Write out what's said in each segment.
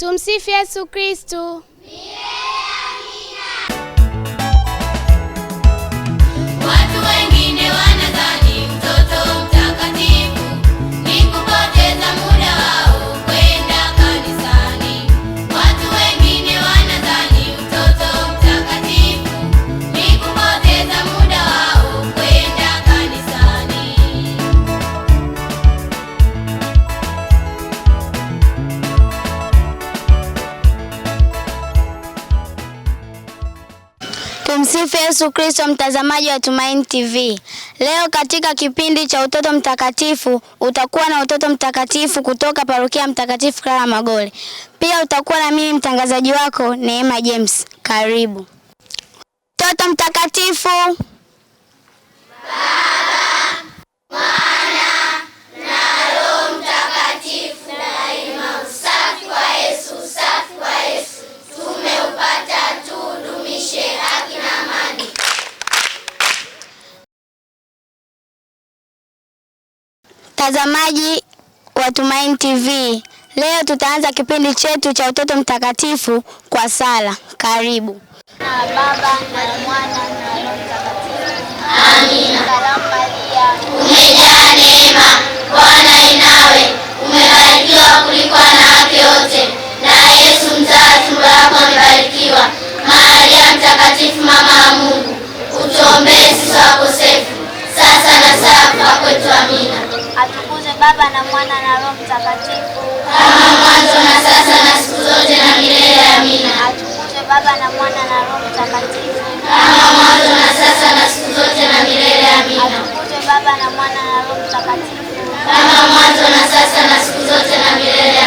Tumsifu Yesu Kristu. Tumsifu Yesu Kristo, mtazamaji wa Tumaini TV. Leo katika kipindi cha utoto mtakatifu utakuwa na utoto mtakatifu kutoka parokia Mtakatifu Clara Magole. Pia utakuwa na mimi mtangazaji wako Neema James. Karibu. Utoto mtakatifu. Baba, Mwana Mtazamaji wa Tumaini TV, leo tutaanza kipindi chetu cha Utoto Mtakatifu kwa sala. Karibu. Na Baba na Mwana na Roho Mtakatifu. Amina. umejaa neema, Bwana inawe, umebarikiwa kuliko wanawake wote, na Yesu mzao wa tumbo lako amebarikiwa. Maria Mtakatifu, mama wa Mungu, utuombee sisi wakosefu sasa na saa kwa kwetu. Amina. Atukuzwe Baba na Mwana na Roho Mtakatifu, kama mwanzo na sasa na siku zote na milele. Amina. Atukuzwe Baba na Mwana na Roho Mtakatifu, kama mwanzo na sasa na siku zote na milele. Amina. Atukuzwe Baba na Mwana na Roho Mtakatifu, kama mwanzo na sasa na siku zote na milele.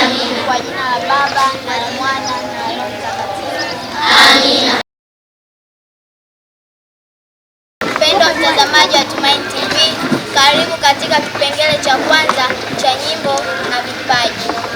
katika kipengele cha kwanza cha nyimbo na vipaji.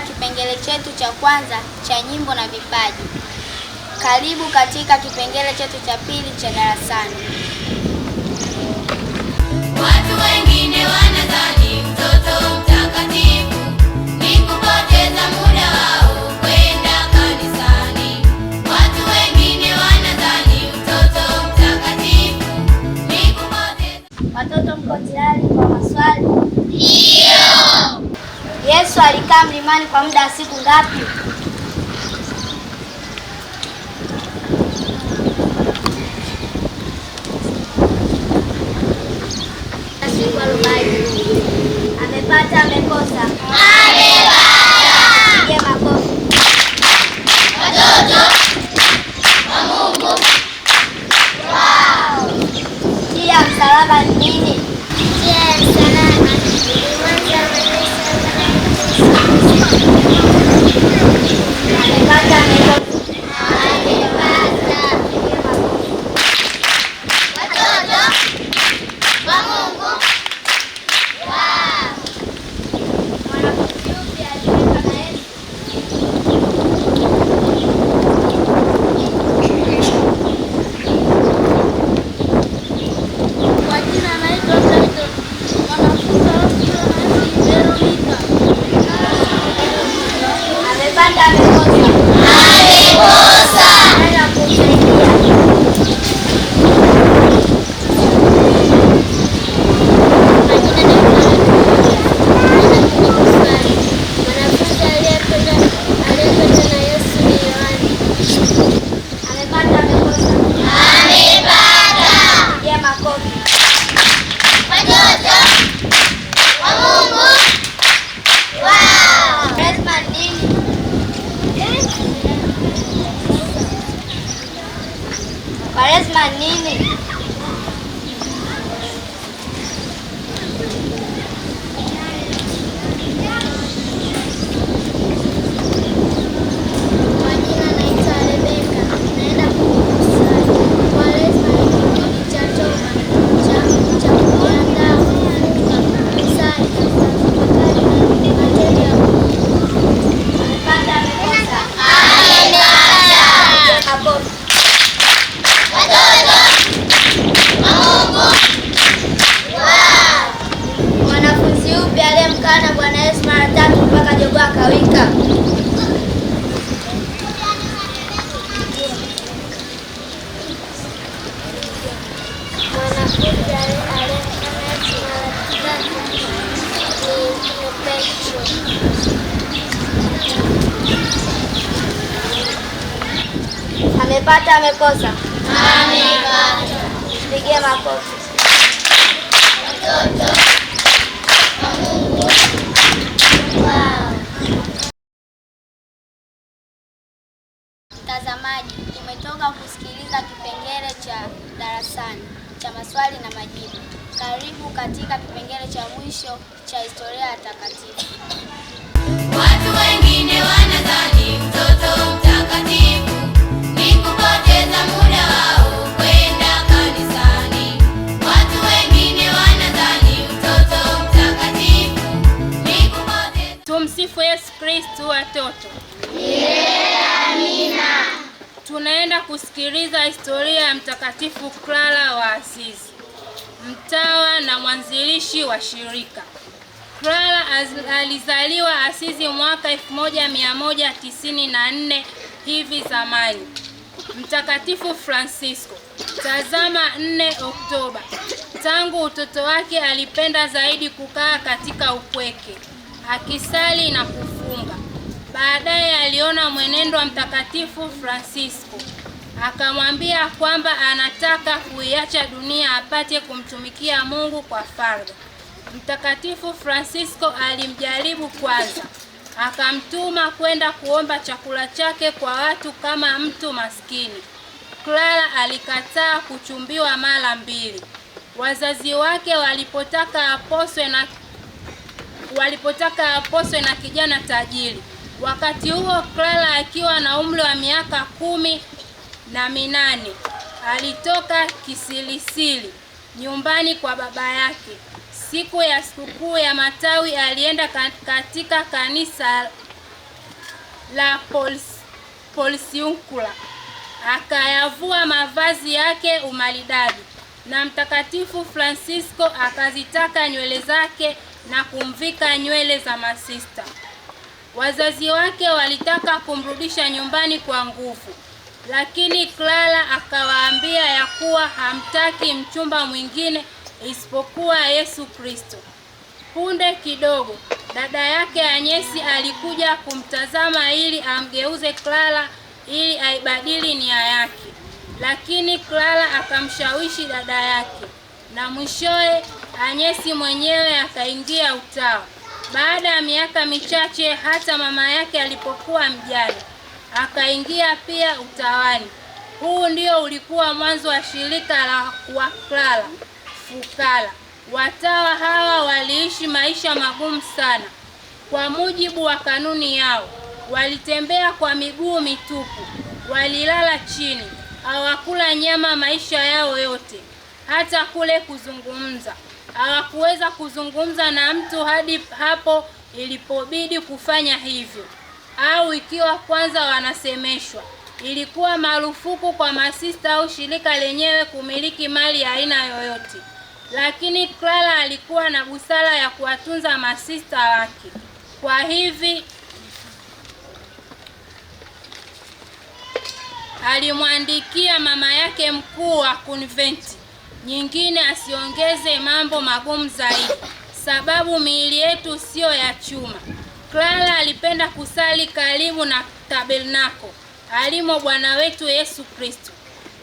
katika kipengele chetu cha kwanza cha nyimbo na vipaji. Karibu katika kipengele chetu cha pili cha darasani. Watu wengine wanadhani mtoto Watoto mko tayari kwa maswali? Ndio. Yesu alikaa mlimani kwa muda wa siku ngapi? amekosa? Amepata. Pigia makofi. Watoto Mtazamaji, tumetoka kusikiliza kipengele cha darasani cha maswali na majibu. Karibu katika kipengele cha mwisho cha historia ya takatifu. Watu wengine wa Tumsifu Yesu Kristu, watoto. Yeah, amina. Tunaenda kusikiliza historia ya Mtakatifu Clara wa Asizi, mtawa na mwanzilishi wa shirika. Clara alizaliwa Asizi mwaka 1194 hivi zamani. Mtakatifu Francisco, tazama 4 Oktoba. Tangu utoto wake alipenda zaidi kukaa katika upweke akisali na kufunga. Baadaye aliona mwenendo wa Mtakatifu Francisco, akamwambia kwamba anataka kuiacha dunia apate kumtumikia Mungu kwa faragha. Mtakatifu Francisco alimjaribu kwanza, akamtuma kwenda kuomba chakula chake kwa watu kama mtu maskini. Clara alikataa kuchumbiwa mara mbili. Wazazi wake walipotaka aposwe na walipotaka poswe na kijana tajiri. Wakati huo Clara akiwa na umri wa miaka kumi na minane alitoka kisilisili nyumbani kwa baba yake. Siku ya sikukuu ya matawi alienda katika kanisa la Polisiunkula akayavua mavazi yake umaridadi na Mtakatifu francisco akazitaka nywele zake na kumvika nywele za masista. Wazazi wake walitaka kumrudisha nyumbani kwa nguvu, lakini Clara akawaambia ya kuwa hamtaki mchumba mwingine isipokuwa Yesu Kristo. Punde kidogo, dada yake Anyesi alikuja kumtazama ili amgeuze Clara ili aibadili nia yake lakini Clara akamshawishi dada yake na mwishowe Anyesi mwenyewe akaingia utawa. Baada ya miaka michache, hata mama yake alipokuwa mjane akaingia pia utawani. Huu ndio ulikuwa mwanzo wa shirika la Waklala Fukara. Watawa hawa waliishi maisha magumu sana. Kwa mujibu wa kanuni yao, walitembea kwa miguu mitupu, walilala chini hawakula nyama maisha yao yote, hata kule kuzungumza hawakuweza kuzungumza na mtu hadi hapo ilipobidi kufanya hivyo, au ikiwa kwanza wanasemeshwa. Ilikuwa marufuku kwa masista au shirika lenyewe kumiliki mali ya aina yoyote, lakini Clara alikuwa na busara ya kuwatunza masista wake. Kwa hivi alimwandikia mama yake mkuu wa konventi nyingine asiongeze mambo magumu zaidi, sababu miili yetu siyo ya chuma. Clara alipenda kusali karibu na tabernako alimo Bwana wetu Yesu Kristo.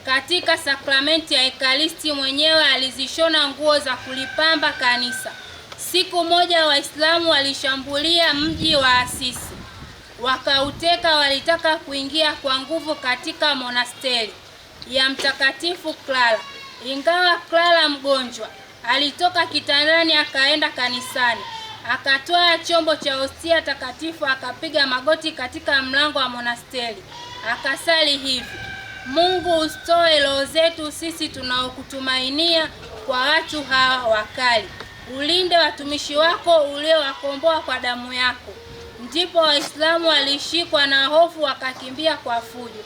Katika sakramenti ya Ekaristi mwenyewe alizishona nguo za kulipamba kanisa. Siku moja Waislamu walishambulia mji wa Asisi wakauteka, walitaka kuingia kwa nguvu katika monasteri ya Mtakatifu Clara. Ingawa Clara mgonjwa alitoka kitandani akaenda kanisani, akatoa chombo cha hostia takatifu, akapiga magoti katika mlango wa monasteri, akasali hivi: Mungu usitoe roho zetu sisi tunaokutumainia kwa watu hawa wakali, ulinde watumishi wako uliowakomboa kwa damu yako Ndipo Waislamu walishikwa na hofu wakakimbia kwa fujo.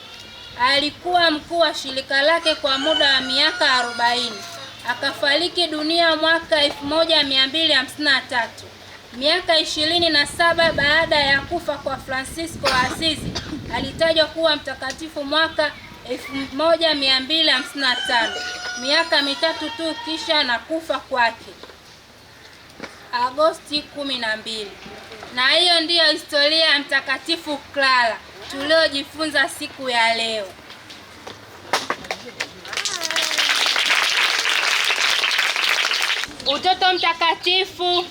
Alikuwa mkuu wa shirika lake kwa muda wa miaka arobaini. Akafariki dunia mwaka 1253 miaka ishirini na saba baada ya kufa kwa Francisco wa Asizi. Alitajwa kuwa mtakatifu mwaka 1255 miaka mitatu tu kisha na kufa kwake Agosti 12 na hiyo ndiyo historia ya Mtakatifu Clara tuliojifunza siku ya leo. Utoto mtakatifu.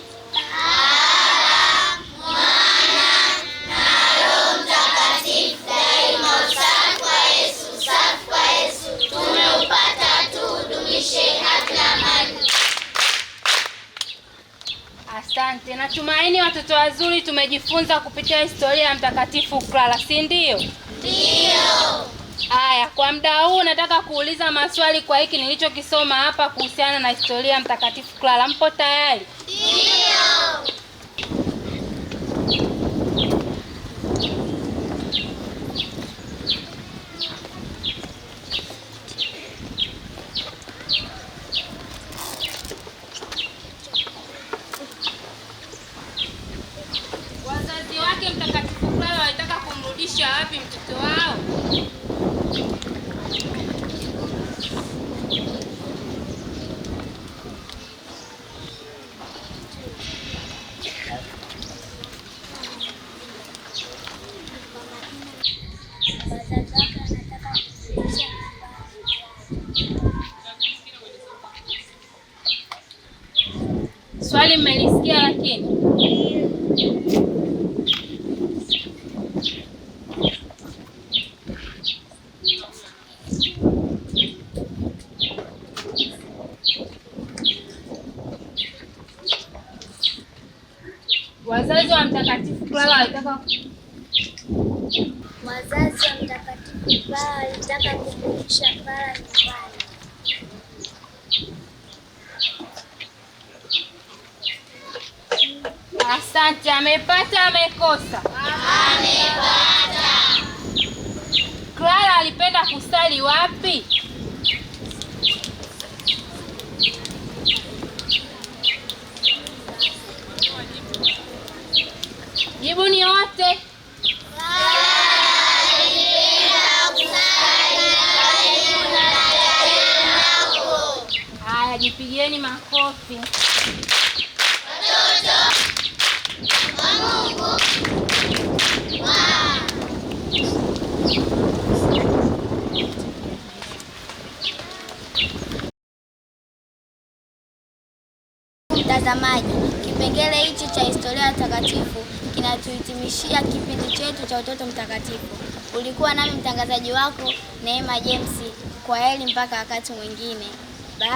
Asante, natumaini watoto wazuri tumejifunza kupitia historia ya Mtakatifu Clara, si ndio? Ndio. Haya, kwa muda huu nataka kuuliza maswali kwa hiki nilichokisoma hapa kuhusiana na historia ya Mtakatifu Clara. Mpo tayari? Thank you. Wazazi wa Mtakatifu Clara walitaka wazazi wa Mtakatifu Clara walitaka kurudisha Clara nyumbani. Asante. Amepata amekosa? Amepata. Clara alipenda kusali wapi? Karibuni wote. Haya, jipigieni makofi. Mtazamaji, kipengele hichi cha historia takatifu kinatuhitimishia kipindi chetu cha Utoto Mtakatifu. Ulikuwa nami mtangazaji wako Neema James. Kwa heri mpaka wakati mwingine. Bye.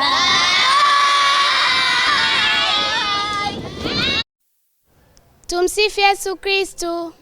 Bye. Tumsifu Yesu Kristu.